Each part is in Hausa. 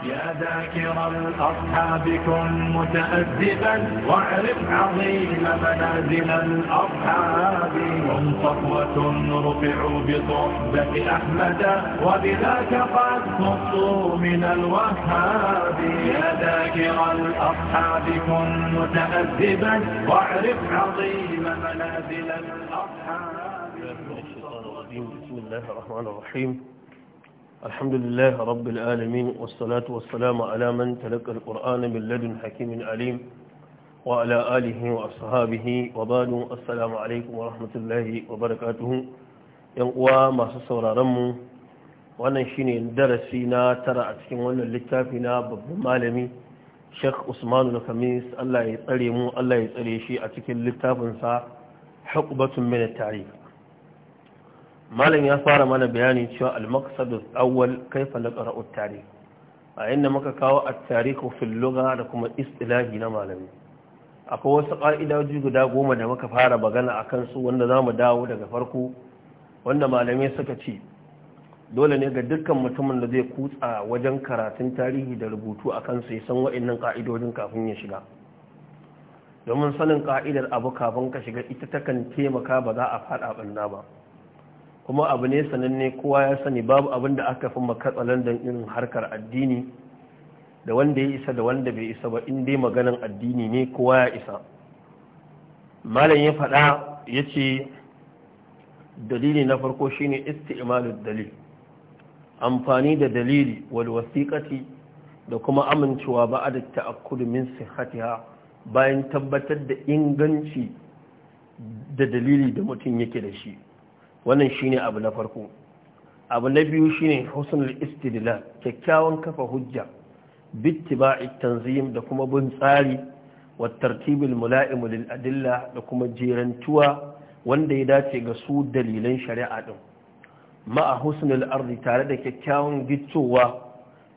يا ذاكر الأصحاب كن متأدبا واعرف عظيم منازل الأصحاب هم صفوة رفعوا بصحبة أحمد وبذاك قد نصوا من الوهاب يا ذاكر الأصحاب كن متأدبا واعرف عظيم منازل الأصحاب بسم الله الرحمن الرحيم الحمد لله رب العالمين والصلاة والسلام على من تلقى القرآن من لدن حكيم عليم وعلى آله وأصحابه وبعد السلام عليكم ورحمة الله وبركاته ينقوى ما سسور رمو wannan shine darasi na tara a cikin wannan littafi na babban malami Sheikh Usman al-Khamis Allah ya tsare mu Allah ya tsare shi a cikin littafinsa Huqbatun min at-Tarikh malam ya fara mana bayani cewa al-maqsadu awwal kaifa naqra'u at-tarikh a inda muka kawo at-tarikh al lugha da kuma istilahi na malami akwai wasu ka'idoji guda goma da muka fara magana akan su wanda zamu dawo daga farko wanda malamai suka ce dole ne ga dukkan mutumin da zai kutsa wajen karatun tarihi da rubutu akan su ya san wa'annan ka'idojin kafin ya shiga domin sanin ka'idar abu kafin ka shiga ita takan taimaka ba za a faɗa ɓanna ba kuma abu ne sananne kowa ya sani babu abin da aka fi makatsalandan irin harkar addini da wanda ya isa da wanda bai isa ba in dai maganan addini ne kowa ya isa malam ya faɗa ya ce dalili na farko shine isti'malud dalil amfani da dalili wal wasiƙati da kuma amincewa ba a da ta'akkul min sihatiha bayan tabbatar da inganci da dalili da mutum yake da shi wannan shi ne abu na farko abu na biyu shi ne husnul istidlal kyakkyawan kafa hujja bittiba'i tanzim da kuma bin tsari wa tartibin mula'imu adilla da kuma jerantuwa wanda ya dace ga su dalilan shari'a ɗin ma'a husnul arzi tare da kyakkyawan gittowa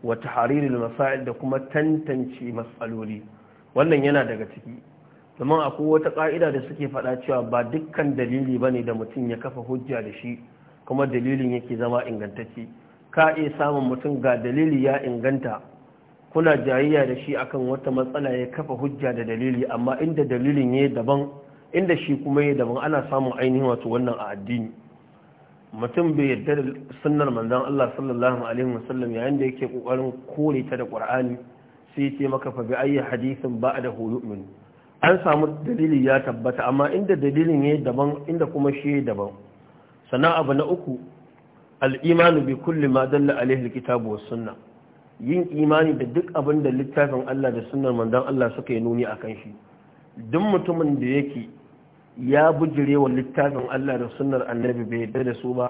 wa tahariri masail da kuma tantance matsaloli wannan yana daga ciki domin akwai wata ƙa'ida da suke faɗa cewa ba dukkan dalili ba ne da mutum ya kafa hujja da shi kuma dalilin yake zama ingantacce ka iya samun mutum ga dalili ya inganta kuna jayayya da shi akan wata matsala ya kafa hujja da dalili amma inda dalilin ya daban inda shi kuma ya daban ana samun ainihin wato wannan a addini mutum bai yarda da sunnar manzon Allah sallallahu alaihi wasallam yayin da yake kokarin kore ta da Qur'ani sai ya ce maka fa bi ayyi hadithin ba'dahu yu'minu an samu dalili ya tabbata amma inda dalilin ya daban inda kuma shi ya daban sannan abu na uku al'imanu bi kulli ma dalla alaihi alkitabu was sunna yin imani da duk abin da littafin Allah da sunnar manzon Allah suka yi nuni akan shi duk mutumin da yake ya bujire wa littafin Allah da sunnar annabi bai yarda da su ba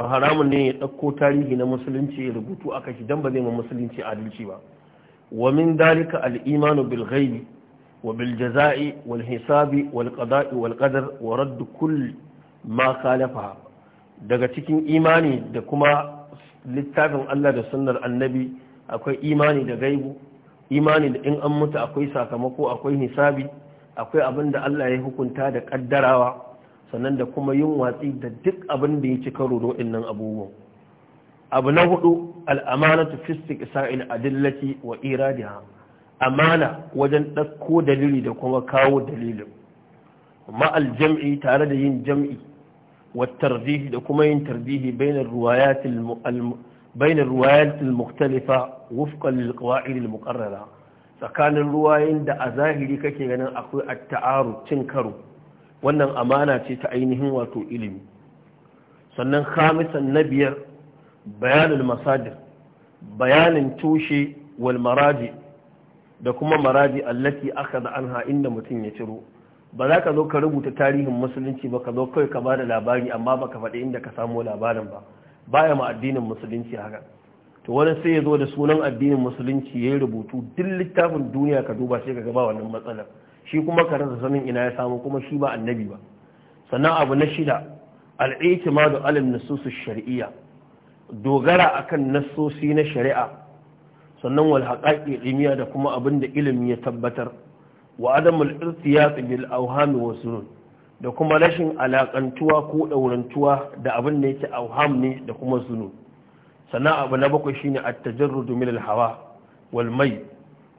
to haramun ne ya ɗauko tarihi na musulunci ya rubutu akan shi dan ba zai ma musulunci adalci ba wa min dalika al-imanu bil ghaibi وبالجزاء والحساب والقضاء والقدر ورد كل ما خالفها daga cikin imani da kuma littafin Allah da sunnar annabi akwai imani da gaibu imani da in an mutu akwai sakamako akwai hisabi akwai abin da Allah ya hukunta da kaddarawa sannan da kuma yin watsi da duk abin da ya ci karo da waɗannan abubuwan abu na hudu al'amanatu fistik isa'il adillati wa iradiha amana wajen ɗakko dalili da kuma kawo dalilin ma'al jam'i tare da yin jam'i wattar zihi da kuma yin tarbihi bainar ruwayatul muktalifa wufkan lilkawa'ilil mukarrara tsakanin ruwayin da a zahiri kake ganin akwai atta'aru cin karo wannan amana ce ta ainihin wato ilimi sannan khamisan na biyar bayanin masajin bayanin toshe wal marajin da kuma maraji allati aka da anha inda mutum ya ciro ba za ka zo ka rubuta tarihin musulunci ba ka zo kawai ka ba da labari amma ba ka faɗi inda ka samo labarin ba baya ma addinin musulunci haka to wani sai ya zo da sunan addinin musulunci ya yi rubutu duk littafin duniya ka duba sai ka gaba wannan matsalar shi kuma ka rasa sanin ina ya samu kuma shi ba annabi ba sannan abu na shida al'itimadu alal nusus shari'iyya dogara akan nassosi na shari'a sannan wal haqaiqi ilmiya da kuma abin da ilimi ya tabbatar wa adamul irtiyat bil awham wa sunun da kuma rashin alakantuwa ko daurantuwa da abin da yake awham ne da kuma sunun sannan abu na bakwai shine at-tajarrud min al-hawa wal mai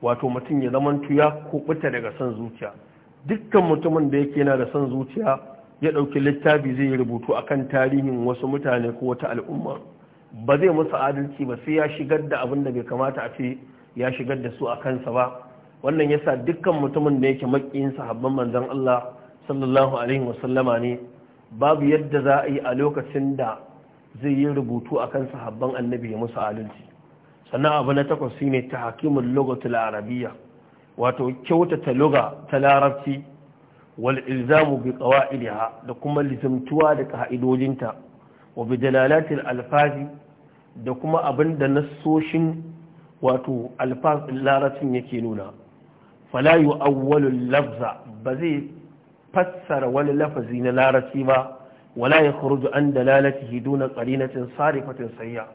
wato mutum ya zaman tuya ko buta daga son zuciya dukkan mutumin da yake yana da son zuciya ya ɗauki littafi zai rubutu akan tarihin wasu mutane ko wata al'umma ba zai musu adalci ba sai ya shigar da abin da bai kamata a ce ya shigar da su a kansa ba wannan yasa dukkan mutumin da yake makin sahabban manzon Allah sallallahu alaihi wasallama ne babu yadda za a yi a lokacin da zai yi rubutu a akan sahabban annabi ya musu adalci sannan abu na takwas shine tahkimul hakimin arabiyya wato kyautata lugha ta larabci wal ilzamu bi qawaidiha da kuma lizimtuwa da ka'idojinta wa bidalalatil alfazi da kuma abin da nasoshin wato alfaz larabcin yake nuna fala awwalu lafza ba zai fassara wani lafazi na larabci ba wala yakhruju an dalalatihi duna qarinatin sarifatin sayya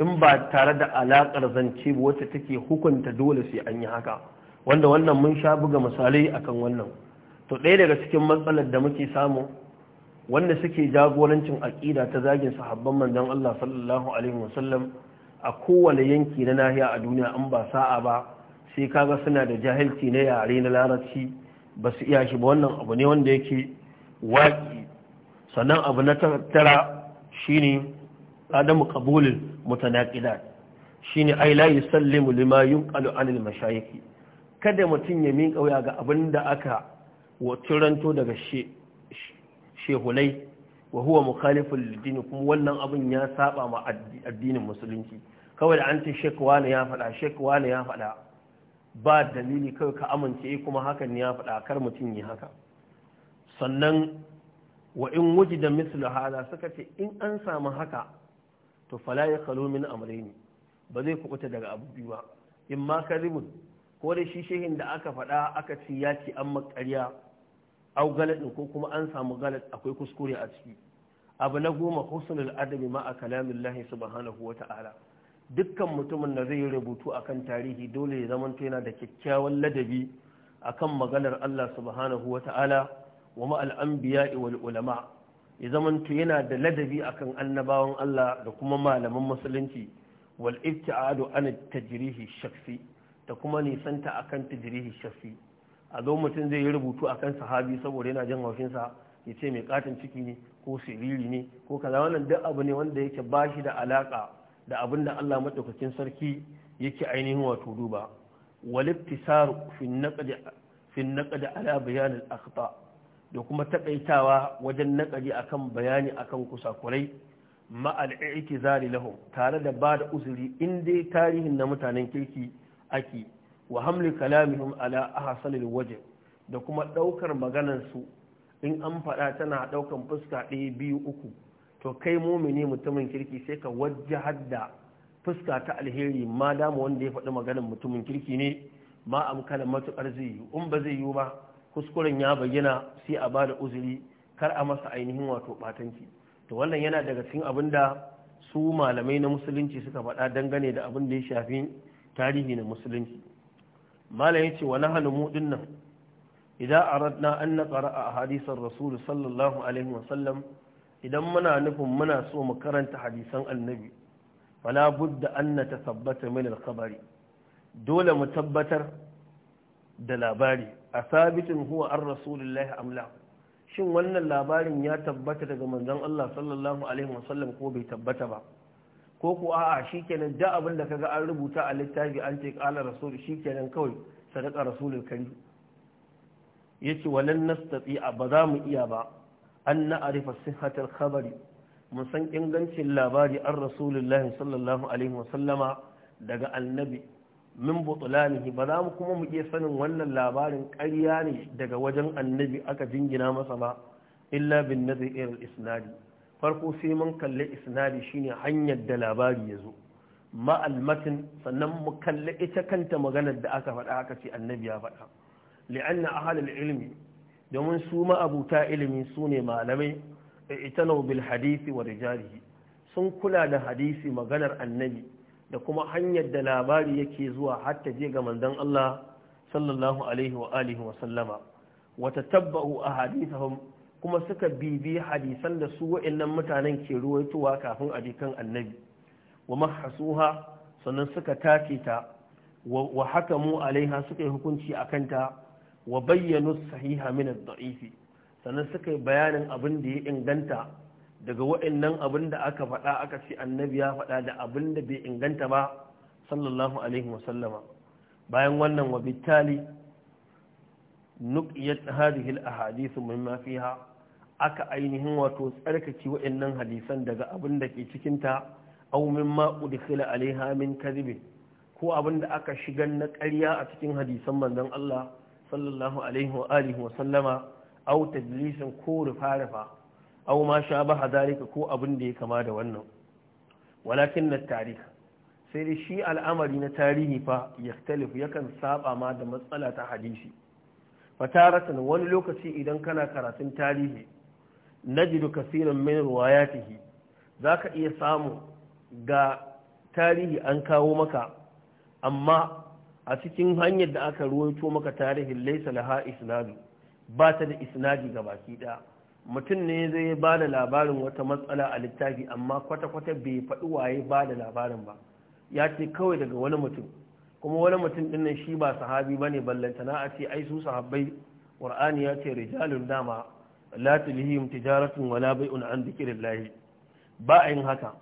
in ba tare da alaƙar zance wacce take hukunta dole sai an yi haka wanda wannan mun sha buga misalai akan wannan to ɗaya daga cikin matsalar da muke samu wanda suke jagorancin aƙida ta zagin sahabban manzon Allah sallallahu alaihi wasallam a kowane yanki na nahiya a duniya an ba sa'a ba sai kaga suna da jahilci na yare na larabci ba su iya shi ba wannan abu ne wanda yake waƙi sannan abu na tara shine adamu qabulil mutanaqidat shine ay la yusallimu lima yunqalu anil mashayikh kada mutun ya miƙa wuya ga abinda aka wa ranto daga shi shehulai wa huwa mukhalifun lidini kuma wannan abin ya saba ma addinin musulunci kawai da an ce shek wani ya faɗa shek wani ya faɗa ba dalili kawai ka amince eh kuma hakan ya faɗa kar mutum yi haka sannan wa in wuji da mislu hada suka ce in an samu haka to fala ya kalu min amrini ba zai kubuta daga abu biyu ba in ma karibun ko da shi shehin da aka faɗa aka ci ya ci an makarya au galadin ko kuma an samu galad akwai kuskure a ciki abu na goma husnul adabi ma a kalamin lahi subhanahu wa ta'ala dukkan mutumin da zai rubutu akan tarihi dole ya zama yana da kyakkyawan ladabi akan maganar Allah subhanahu wa ta'ala wa ma al'anbiya wal ulama ya zama yana da ladabi akan annabawan Allah da kuma malaman musulunci wal ibti'adu an tajrihi shakhsi da kuma nisanta akan tajrihi shakhsi a zo mutum zai yi rubutu a kan sahabi saboda yana jin haufinsa ya ce mai katin ciki ne ko siriri ne ko kaza wannan duk abu ne wanda yake ba shi da alaka da abin da Allah madaukakin sarki yake ainihin wato duba walibtisar fi naqdi ala bayan al-akhta da kuma takaitawa wajen naqdi akan bayani akan kusakurai ma al-i'tizari lahum tare da ba da uzuri in dai tarihin na mutanen kirki ake wa hamli kalamihim ala ahsanil waje da kuma daukar maganar su in an faɗa tana daukan fuska ɗaya biyu uku to kai mumini mutumin kirki sai ka wajjahar da fuska ta alheri ma dama wanda ya faɗi maganar mutumin kirki ne ma amkana matukar zai yi in ba zai yi ba kuskuren ya bayyana sai a bada uzuri kar a masa ainihin wato batanci to wannan yana daga cikin abin da su malamai na musulunci suka faɗa dangane da abin da ya shafi tarihi na musulunci malam ya ce wa hannu mu dinnan idan aradna an na tsara a hadisan rasulu sallallahu alaihi wasallam idan muna nufin muna so mu karanta hadisan annabi fala budda an na tasabbata min alkhabari dole mu tabbatar da labari a sabitin huwa an rasulullahi amla shin wannan labarin ya tabbata daga manzon Allah sallallahu alaihi wasallam ko bai tabbata ba ko ku a'a shikenan da abin da kaga an rubuta a littafi an ce qala rasul kenan kawai sadaka rasulul karim yace walan nastati ba za mu iya ba an na'arifa sihhatal khabari mun san ingancin labari an rasulullahi sallallahu alaihi wa sallama daga annabi min butulanihi ba za mu kuma mu iya sanin wannan labarin ƙarya ne daga wajen annabi aka jingina masa ba illa bin nazir isnadi farko sai mun kalli isnadi shine hanyar da labari ya zo Ma'almatin sannan mu kalli ita kanta maganar da aka faɗa aka ce annabi ya faɗa li'anna ahlul ilmi domin su ma'abuta ilimi su ne malamai ita bil hadisi wa rijalihi sun kula da hadisi maganar annabi da kuma hanyar da labari yake zuwa hatta je ga manzon Allah sallallahu alaihi wa alihi wa sallama wa tatabba'u ahadithahum kuma suka bibi hadisan da su wa'annan mutanen ke ruwaitowa kafin a kan annabi wa mahasuha sannan suka tace ta wa hakamu alaiha suka yi hukunci a kanta wa bayyanu sahiha min ad-da'ifi sannan suka yi bayanin abin da ya inganta daga wa'annan abin da aka faɗa aka ce annabi ya faɗa da abin da bai inganta ba sallallahu alaihi wa sallama bayan wannan wa bittali nuqiyat hadhihi a hadisu mimma aka ainihin wato tsarkake wa'annan hadisan daga abin da ke cikinta aw mimma udkhila alaiha min kadhibin ko abin da aka shiga na ƙarya a cikin hadisan manzon Allah sallallahu alaihi wa alihi wa sallama aw tajlisin ko rufa-rufa ma shabaha zalika ko abin da ya kama da wannan walakin na tarikh sai dai shi al'amari na tarihi fa yaktalifu yakan saba ma da matsala ta hadisi fataratan wani lokaci idan kana karatun tarihi najidu kasiran min ruwayatihi zaka iya samu ga tarihi an kawo maka amma a cikin hanyar da aka ruwaito maka tarihin laysa laha isnadu ba ta da isnadi ga baki ɗaya mutum ne zai ba da labarin wata matsala a littafi amma kwata-kwata bai faɗi waye ba da labarin ba ya ce kawai daga wani mutum kuma wani mutum ɗin nan shi ba sahabi ba ne ballantana a ce ai su sahabbai ƙur'ani ya ce rijalun dama la tulhihim tijaratun wala bai'un an dhikrillah ba a yin haka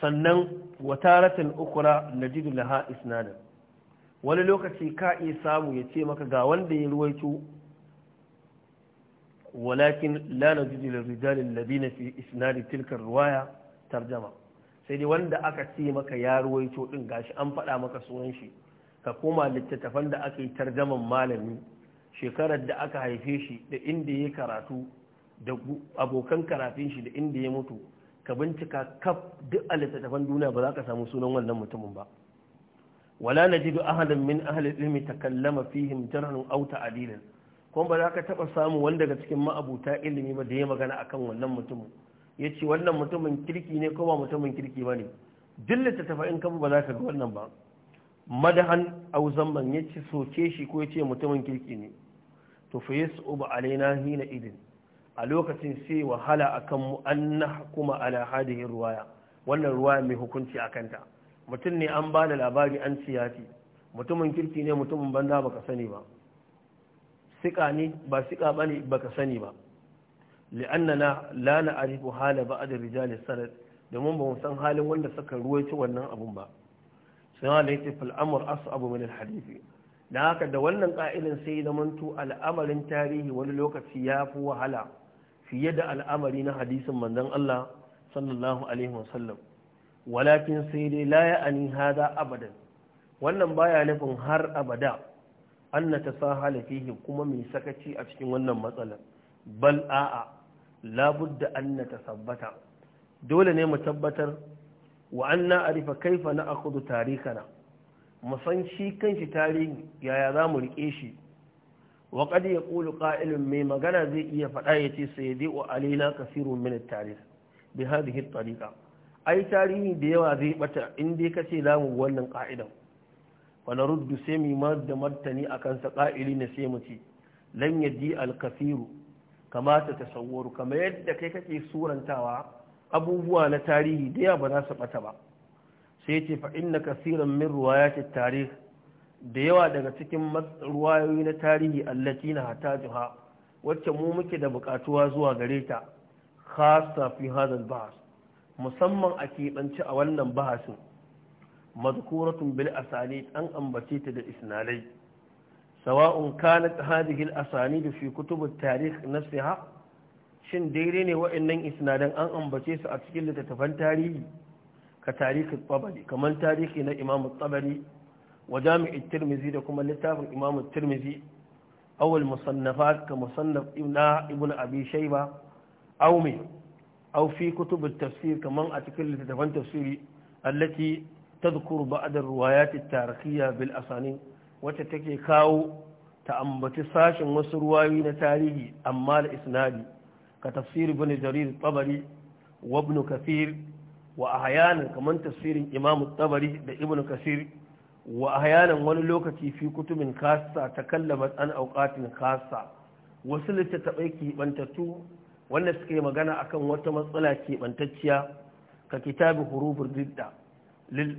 sannan wataratan ukura najidu laha isnadan wani lokaci ka iya samu ya ce maka ga wanda ya ruwaito walakin la najidu lirrijalin ladina fi isnadi tilkar ruwaya tarjama sai dai wanda aka ce maka ya ruwaito din gashi an faɗa maka sunan shi ka koma littattafan da aka yi tarjaman malami shekarar da aka haife shi da inda ya karatu da abokan karatun shi da inda ya mutu ka bincika kaf duk a littattafan duniya ba za ka samu sunan wannan mutumin ba wala najidu ahadan min ahli ilmi takallama fihim jarhan aw ta'dilan kuma ba za ka taba samu wanda daga cikin ma'abuta ilimi ba da ya magana akan wannan mutumin yace wannan mutumin kirki ne ko ba mutumin kirki bane duk littattafa in kama ba za ka ga wannan ba madahan aw zamban yace soke shi ko yace mutumin kirki ne to uba alaina hina idin a lokacin sai wahala akan kan an nahkuma ala hadhihi ruwaya wannan ruwaya mai hukunci a kanta. mutum ne an ba da labari an yafi mutumin kirki ne mutumin banza baka sani ba sika ne ba sika bane baka sani ba li'annana la na'rifu hala ba'd rijal sanad domin ba mu san halin wanda suka ruwaito wannan abun ba sai Allah ya ce fal amr as'abu min al da haka da wannan ƙa'ilin sai zamanto al'amarin tarihi wani lokaci ya fi wahala fiye da al'amari na hadisin manzon Allah sallallahu alaihi wasallam walakin sai dai la ya'ani hada abadan wannan baya nufin har abada an na ta sahala fihi kuma mai sakaci a cikin wannan matsalar bal a'a labudda an na sabbata. dole ne mu tabbatar wa an na arifa kaifa na akudu tarikana musan shi kan shi tarihi yaya za mu riƙe shi wa ya yaqulu qa'ilun mai magana zai iya faɗa ya ce wa alaina kasirun min at-tarikh bi hadhihi at-tariqa ai tarihi da yawa zai ɓata in dai kace za mu wannan ka'idan wa naruddu sai mu ma da martani akan sa qa'ili ne sai mu ce lan yadi al-kasiru kamata tasawwaru kamar yadda kai kake surantawa abubuwa na tarihi da yawa ba za su ɓata ba sai ce fa inna kasiran min ce tarihi? da yawa daga cikin ruwayoyi na tarihi allati na hatajuha wacce mu muke da bukatuwa zuwa gare ta khassa fi hadal bahs musamman a keɓance a wannan bahasin mazkuratun bil asani an ambace ta da isnalai sawa'un kanat hadhihi al asanid fi kutub at tarikh nafsiha shin daidai ne wa'annan isnadan an ambace su a cikin littattafan tarihi ka tarihi tabari kamar tarihi na imam tabari wa jami'in tirmizi da kuma littafin imam tirmizi awal musannafa ka musannaf na ibn abi shaiba Aumi, min aw fi tafsir kamar a cikin litattafan tafsiri allati tadhkuru ba'd ar-riwayat at-tarikhiyya bil asani wacce take kawo ta ambaci sashin wasu ruwayoyi na tarihi amma da isnadi ka tafsir ibn jarir tabari wa ibn kafir wa kamar kaman tafsirin Imam Tabari da Ibn Kasir wa wani lokaci fi kutumin kasa ta kallama an auqatin kasa wasu littattafai keɓantattu wanda suka yi magana akan wata matsala keɓantacciya ka kitabi hurufur didda lil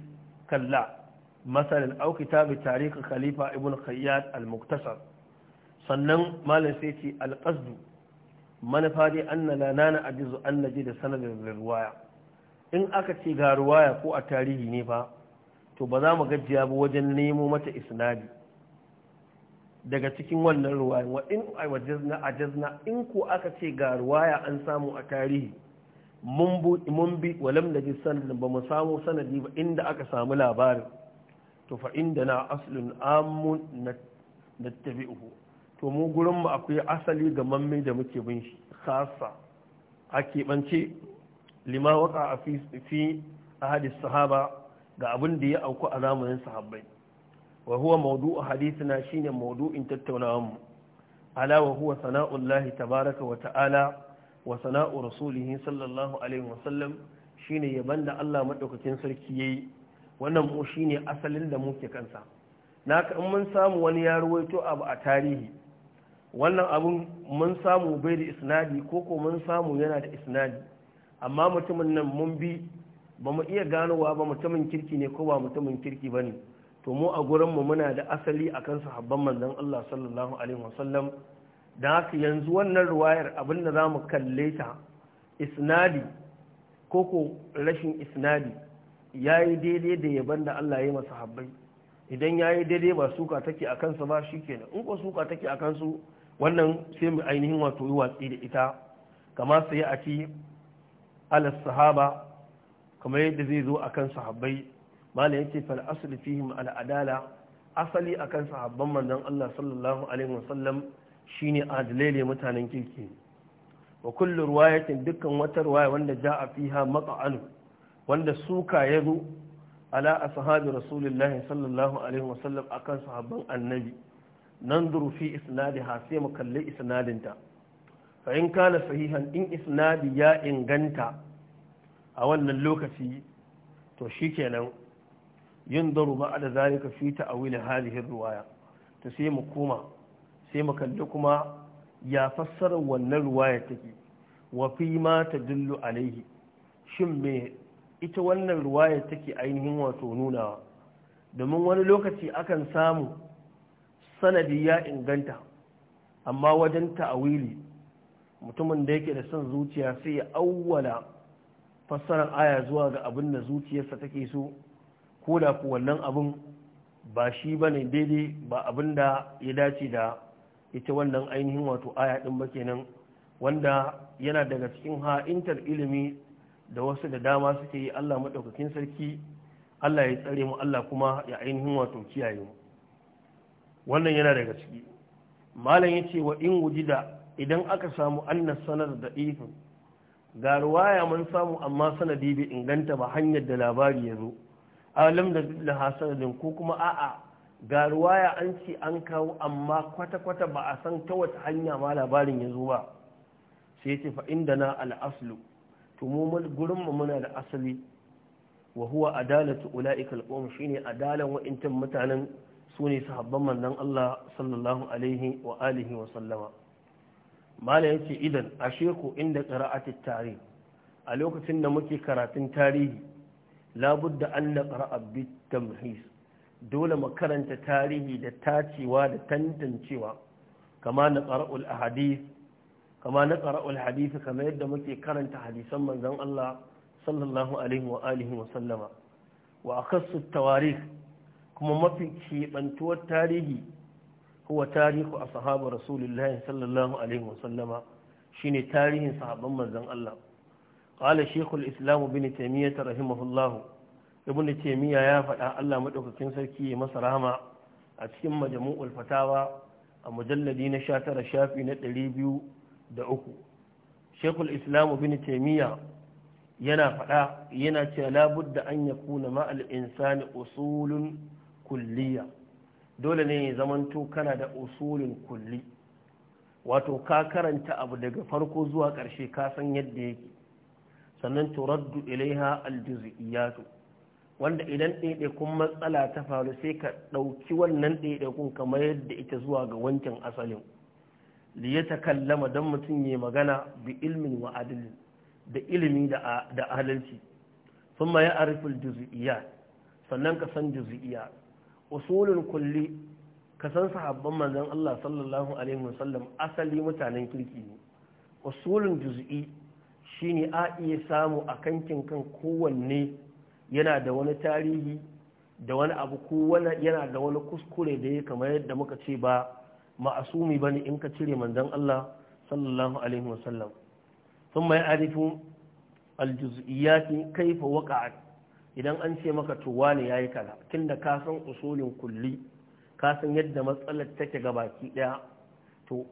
kalla masalin au kitabi tarihin khalifa ibn khayyat al-muktasar sannan malam sai ce alƙasdu manufa dai an na lanana a jizo an naji da sanadin riwaya in aka ce ga ruwaya ko a tarihi ne ba to ba za mu gajiya ba wajen nemo mata isnadi daga cikin wannan ruwayan wa in ajazna ajazna in ko aka ce ga ruwaya an samu a tarihi mun bi mun bi walam naji sanadin ba mu samu sanadi ba inda aka samu labarin to fa inda na aslun amun nattabi'uhu to mu gurin mu akwai asali ga mamme da muke bin shi khassa ake bance lima waka a fi ahadis sahaba ga abin da ya auku a zamanin sahabbai wa huwa a hadithina shine in tattaunawar mu ala wa huwa sana'ullahi tabaraka wa ta'ala wa sana'u rasulihi sallallahu alaihi wa sallam shine yaban da Allah madaukakin sarki yayi wannan mu shine asalin da muke kansa naka in mun samu wani ya ruwaito abu a tarihi wannan abun mun samu bai da isnadi ko ko mun samu yana da isnadi amma mutumin nan mun bi ba mu iya ganowa ba mutumin kirki ne ko ba mutumin kirki ba ne to mu a gurinmu muna da asali a kan sahabban manzon Allah sallallahu alaihi wasallam da haka yanzu wannan ruwayar abin da za mu kalle ta isnadi ko ko rashin isnadi ya yi daidai da yaban da Allah ya masa habbai idan ya yi daidai ba suka take a kansa ba shi ke in ko suka take a kansu wannan sai mu ainihin wato yi watsi da ita kamar sai a ci ala sahaba kamar yadda zai zo akan sahabbai mala yake fal asli fihim al adala asali akan sahabban manzon Allah sallallahu alaihi wasallam shine adalai ne mutanen kirki wa kullu riwayatin dukkan wata riwaya wanda jaa fiha mat'an wanda suka yazo ala ashabi rasulullahi sallallahu alaihi wasallam akan sahabban annabi nanzuru fi isnadiha sai kalli isnadinta fa in kana sahihan in isnadi ya inganta a wannan lokaci to shi kenan yin daru ba da zalika fi ta'awilin halihin ruwaya ta sai mu koma sai mu kalli kuma ya fassara wannan ta take wa fi ma dillu alaihi shin me ita wannan ruwayar take ainihin wato nunawa domin wani lokaci akan samu sanadi ya inganta amma wajen ta'awili mutumin da yake da son zuciya sai ya awwala fassarar aya zuwa ga abin da zuciyarsa take so ko da ku wannan abin ba shi ba ne daidai ba abin da ya dace da ita wannan ainihin wato aya ɗin ba kenan wanda yana daga cikin ha'intar ilimi da wasu da dama suke yi Allah maɗaukakin sarki Allah ya tsare mu Allah kuma ya ainihin wato kiyaye mu wannan yana daga ciki malam ya ce wa in wujida idan aka samu annas sanar da ifin ga ruwaya mun samu amma sanadi bai inganta ba hanyar da labari ya zo alam da laha sanadin ko kuma a'a ga ruwaya an ce an kawo amma kwata-kwata ba a san ta wata hanya ma labarin ya zo ba sai ce fa inda na al'aslu to mu gurin mu muna da asali wa huwa adalatu ula'ika shine adalan wa'intan mutanen sune sahabban manzon Allah sallallahu alaihi wa alihi wa sallama malam yace idan ashe ku inda qira'atit tarih a lokacin da muke karatun tarihi labudda an naqra'a bit tamhis dole mu karanta tarihi da tacewa da tantancewa kama naqra'ul ahadith kama hadith kama yadda muke karanta hadisan manzon Allah sallallahu alaihi wa alihi wa sallama wa akhassu tawarikh kuma mafi kebantuwar tarihi huwa tarihu ashabu rasulillahi sallallahu alaihi wasallama shine tarihin sahabban manzan Allah qala shaykhul islam ibn taymiyyah rahimahullah ibn taymiyyah ya faɗa Allah madaukakin sarki ya masa rahma a cikin majmu'ul fatawa a mujalladi na 19 shafi na ɗari biyu da uku shaykhul islam ibn taymiyyah yana faɗa yana ce cewa da an ya yakuna ma'al insani usulun kulliyah dole ne ya zamanto kana da usulin kulli wato ka karanta abu daga farko zuwa ƙarshe ka san yadda yake sannan turaddu ilaiha aljuz'iyatu wanda idan ɗaiɗaikun matsala ta faru sai ka ɗauki wannan ɗaiɗaikun kamar yadda ita zuwa ga wancan asalin li ya takallama don mutum ya magana bi ilmin wa da ilimi da adalci sun ma ya arifin sannan ka san juzi'iyya usulin kulli ka san sahabban manzon Allah sallallahu alaihi wasallam asali mutanen kirki ne usulin juz'i shine a iya samu a kankin kan kowanne yana da wani tarihi da wani abu ko yana da wani kuskure da ya kamar yadda muka ce ba ma'asumi bane in ka cire manzon Allah sallallahu alaihi wasallam ثم يعرف الجزئيات kaifa waqa'at idan an ce maka tuwa ne yayi kaza tunda ka san usulin kulli ka san yadda matsalar take ga baki daya to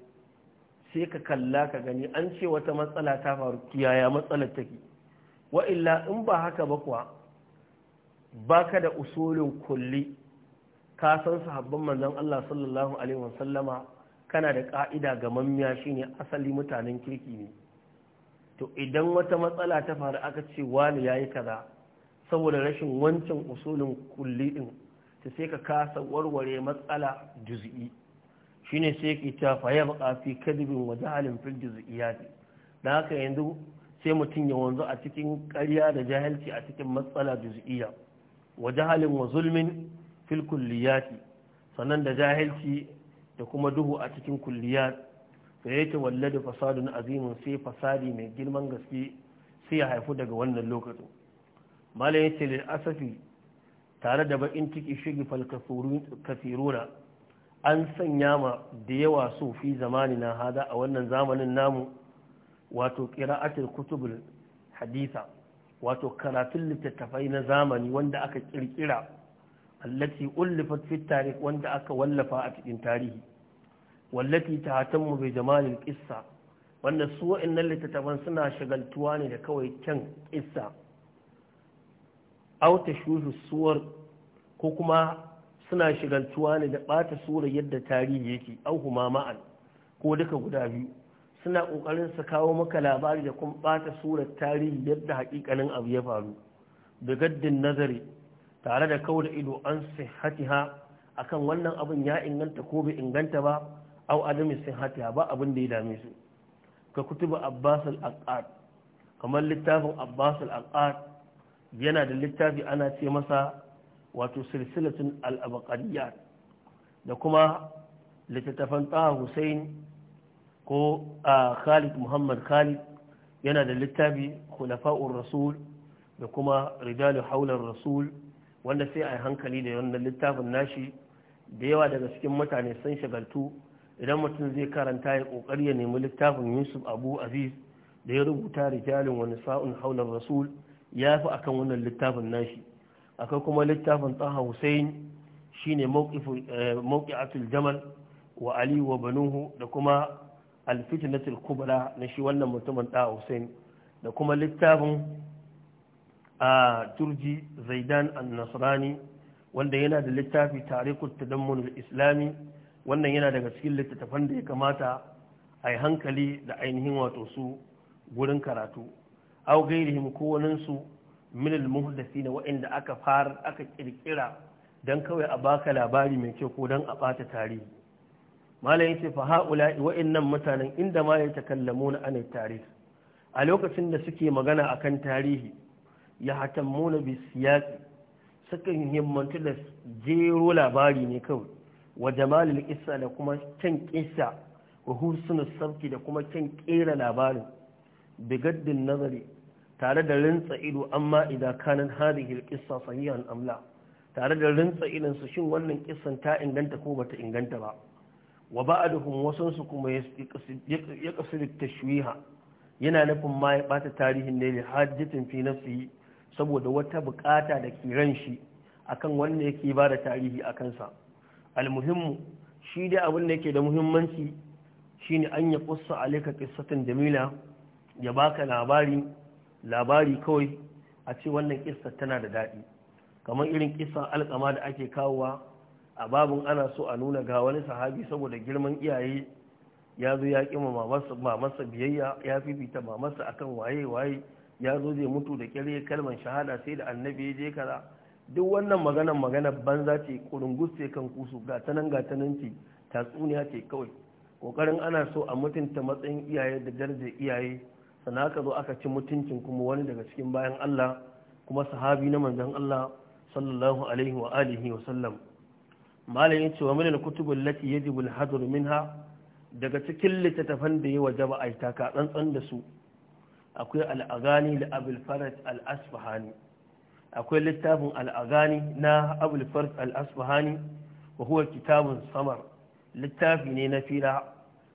sai ka kalla ka gani an ce wata matsala ta faru kiyaya matsalar take wa illa in ba haka ba kuwa baka da usulin kulli ka san sahabban manzon Allah sallallahu alaihi wasallama kana da ka'ida ga mammiya shine asali mutanen kirki ne to idan wata matsala ta faru aka ce wani yayi kaza saboda rashin wancan usulin kulli din ta sai ka kasa warware matsala juz'i shine sai ki ta fa ya baka fi kadibin wa jahalin fil juz'iyat dan haka yanzu sai mutum ya wanzu a cikin karya da jahilci a cikin matsala juz'iyya wa jahalin wa zulmin fil kulliyati sannan da jahilci da kuma duhu a cikin kulliyat fa walla wallada fasadun azimun sai fasadi mai girman gaske sai ya haifu daga wannan lokacin mala ya ce asafi tare da bakin ciki shigi falkasiruna an sanya ma da yawa so fi zamanina hada a wannan zamanin namu wato ƙira'atul kutubul haditha wato karatun littattafai na zamani wanda aka kirkira allati ullifat fi tarikh wanda aka wallafa a cikin tarihi wallati tahatammu bi jamalil qissa wanda su wa'annan littattafan suna shagaltuwa ne da kawai kyan qissa auta shuhu suwar ko kuma suna shigantuwa ne da ɓata surar yadda tarihi yake auhu ma ma'an ko duka guda biyu suna ƙoƙarin su kawo maka labari da kuma ɓata surar tarihi yadda haƙiƙanin abu ya faru da gaddin nazari tare da kawo da ido an sihatiha akan wannan abin ya inganta ko bai inganta ba au adami sihatiha ba abin da ya dame su ka kutuba abbasul kamar littafin abbasul al yana da littafi ana ce masa wato silsilatun al'abakariya da kuma littattafan taha hussein ko a khalid muhammad khalid yana da littafi khulafa'ur rasul da kuma ridalu haular rasul wanda sai a hankali da wannan littafin nashi da yawa daga cikin mutane sun shagaltu idan mutum zai karanta ya kokari ya nemi littafin yusuf abu aziz da ya rubuta rijalin wani sa'un haular rasul ya fi akan wannan littafin nashi akwai kuma littafin tsaha hussein shine eh, mawqi'atul jamal wa ali wa banuhu da kuma alfitinatul kubra na shi wannan mutumin tsaha hussein da kuma littafin a turji zaidan an-nasrani wanda yana da littafi tarikut tadammun islami wannan yana daga cikin littattafan da ya kamata a yi hankali da ainihin wato su gurin karatu aw gairihim ko wani su min al muhdathina wa'inda aka far aka kirkira dan kawai a baka labari mai kyau ko dan a bata tarihi malam yace fa haula wa'innan mutanen inda ma yatakallamuna anai tarihi a lokacin da suke magana akan tarihi ya hatammuna bi siyasi sukan himmantu da jero labari ne kawai wa jamalil da kuma kyan kissa wa husnul sabki da kuma kyan kera labarin bigaddin nazari tare da rintsa ido amma idan kanan hadhihi kissa sahihan amla tare da rintsa idan su shin wannan kissan ta inganta ko bata inganta ba wa ba'aduhum wasan su kuma ya kasir tashwiha yana nufin ma ya bata tarihin ne li hajjatin fi nafsihi saboda wata bukata da ke shi akan wanda yake ba da tarihi a kansa almuhimmu shi dai abin da yake da muhimmanci shine an ya kussa alaika qissatan jamila ya baka labari labari kawai a ce wannan kisa tana da daɗi kamar irin kisan alkama da ake kawowa a babin ana so a nuna ga wani sahabi saboda girman iyaye ya zo ya ƙi mamarsa biyayya ya fifita mamarsa akan waye waye ya zo zai mutu da ƙyar kalman shahada sai da annabi ya je kaza duk wannan maganar maganar banza ce kurungus ce kan kusu ta nan ce tatsuniya ce kawai kokarin ana so a mutunta matsayin iyaye da darajar iyaye Sana aka zo aka ci mutuncin kuma wani daga cikin bayan Allah kuma sahabi na manzon Allah sallallahu alaihi wa alihi wa sallam malam yace wa min al yajibu al-hadr minha daga cikin littattafan da ya wajaba a taka tsantsan da su akwai al-agani da abul al-asfahani akwai littafin al-agani na abul al-asfahani wa huwa kitabun samar littafi ne na fira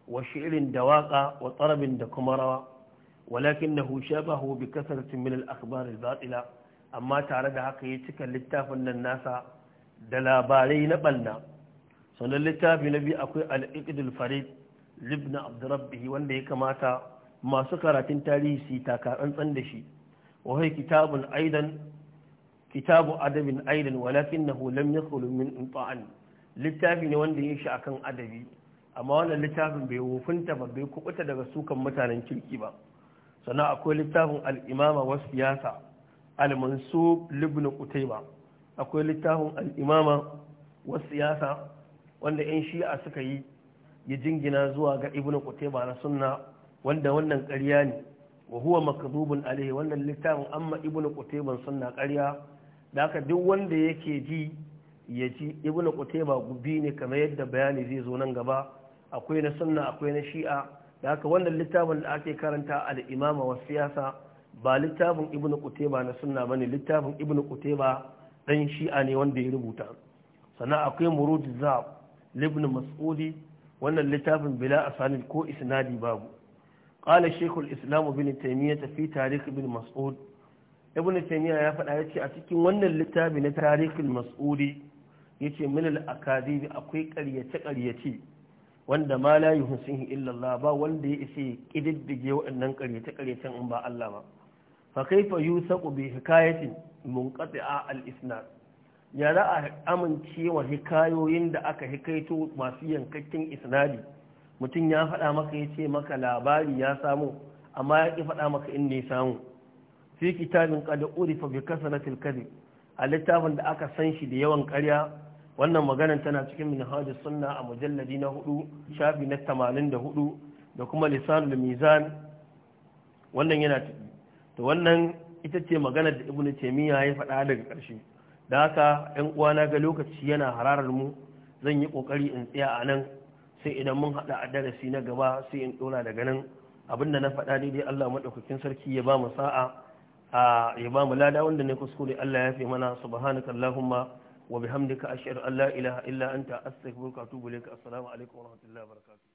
wa shi'rin da waka wa tsarabin da kuma rawa ولكنه شابه بكثرة من الأخبار الباطلة أما تعرض هكا يتكى للتاف أن الناس دلاباري نبلنا صلى للتاف نبي أقوى الإقد الفريد لابن عبد ربه وانده كماتا ما سكرة تاريسي تاكا أنصندشي وهي كتاب أيضا كتاب أدب أيضا ولكنه لم يخل من انطعن للتاف نوانده يشأ كان أدبي amma wannan littafin bai wofinta ba bai kubuta daga sukan mutanen kirki ba sannan akwai littafin al'imama wasu siyasa al-mansub kutaiba akwai littafin al'imama wasu siyasa wanda 'yan shi'a suka yi ya jingina zuwa ga ibn kutaiba na sunna wanda wannan ƙarya ne wa huwa makazubin alihi wannan littafin amma ibn kutaiban sunna ƙarya da aka duk wanda yake ji ya ji ibn kutaiba gubi ne kamar yadda bayani zai zo nan gaba akwai na sunna akwai na shi'a da haka wannan littafin da ake karanta al'imama wa siyasa ba littafin ibn kuteba na sunna ne littafin ibn kuteba dan shi'a ne wanda ya rubuta sannan akwai murud zab libn mas'udi wannan littafin bila asanid ko isnadi babu qala shaykh al-islam ibn taymiyyah fi tarikh ibn mas'ud ibn taymiyyah ya faɗa yace a cikin wannan littafi na tarikh al-mas'udi yace min al-akadibi akwai ƙaryace ƙaryace wanda ma la yi illa Allah ba wanda ya isi kididdige waɗannan ƙaryace-ƙaryacen in ba Allah ba fa kaifa yusaqu bi hikayatin munqati'a al-isnad ya za a wa hikayoyin da aka hikaito masu yankakken isnadi mutum ya faɗa maka ya ce maka labari ya samu amma ya ƙi faɗa maka inda ya samu fi kitabin qad urifa bi kasratil kadhib a littafin da aka san shi da yawan ƙarya wannan maganar tana cikin minhajus sunna a mujalladi na hudu shafi na tamanin da hudu da kuma lisanul mizan wannan yana ciki to wannan ita ce maganar da ibnu taymiya ya faɗa daga ƙarshe da haka ƴan uwana ga lokaci yana hararar mu zan yi kokari in tsaya a nan sai idan mun haɗa a darasi na gaba sai in ɗora daga nan abin da na faɗa daidai Allah madaukakin sarki ya ba mu sa'a ya ba mu lada wanda ne kuskure Allah ya fi mana subhanakallahumma wa bihamdika ka an la ilaha illa anta ta wa atubu ilaik assalamu alaikum wa rahmatullahi wa barakatuh